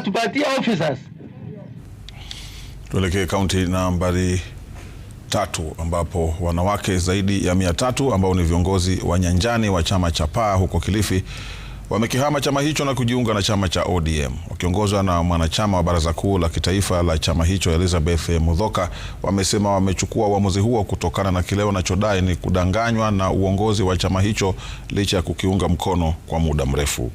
atupatie officers. Tuelekee kaunti nambari tatu ambapo wanawake zaidi ya mia tatu ambao ni viongozi wa nyanjani wa chama cha Paa huko Kilifi wamekihama chama hicho na kujiunga na chama cha ODM. Wakiongozwa na mwanachama wa baraza kuu la kitaifa la chama hicho Elizabeth Mudhoka, wamesema wamechukua uamuzi huo kutokana na kile wanachodai ni kudanganywa na uongozi wa chama hicho licha ya kukiunga mkono kwa muda mrefu.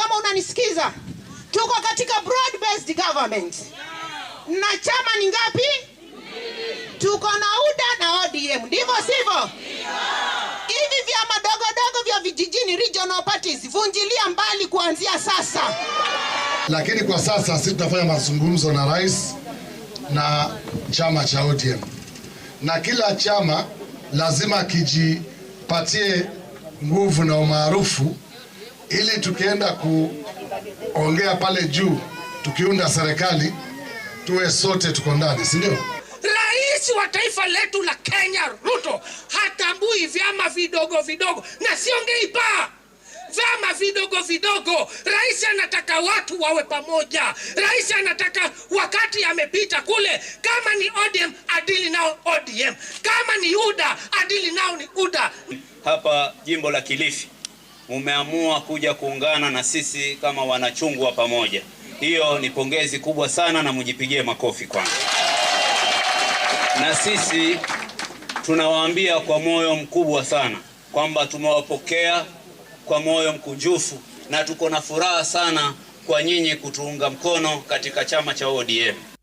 kama unanisikiza, tuko katika broad based government na chama ni ngapi? Tuko na UDA na ODM, ndivyo sivyo? Hivi vya dogo dogo vya vijijini, regional parties, vunjilia mbali kuanzia sasa. Lakini kwa sasa sisi tutafanya mazungumzo na rais na chama cha ODM, na kila chama lazima kijipatie nguvu na umaarufu ili tukienda kuongea pale juu, tukiunda serikali tuwe sote tuko ndani, si ndio? Rais wa taifa letu la Kenya Ruto hatambui vyama vidogo vidogo, na siongei pa vyama vidogo vidogo. Rais anataka watu wawe pamoja. Rais anataka wakati amepita kule, kama ni ODM adili nao ODM, kama ni UDA adili nao ni UDA. Hapa jimbo la Kilifi mumeamua kuja kuungana na sisi kama wanachungwa pamoja. Hiyo ni pongezi kubwa sana na mjipigie makofi kwanza. Na sisi tunawaambia kwa moyo mkubwa sana kwamba tumewapokea kwa moyo mkunjufu na tuko na furaha sana kwa nyinyi kutuunga mkono katika chama cha ODM.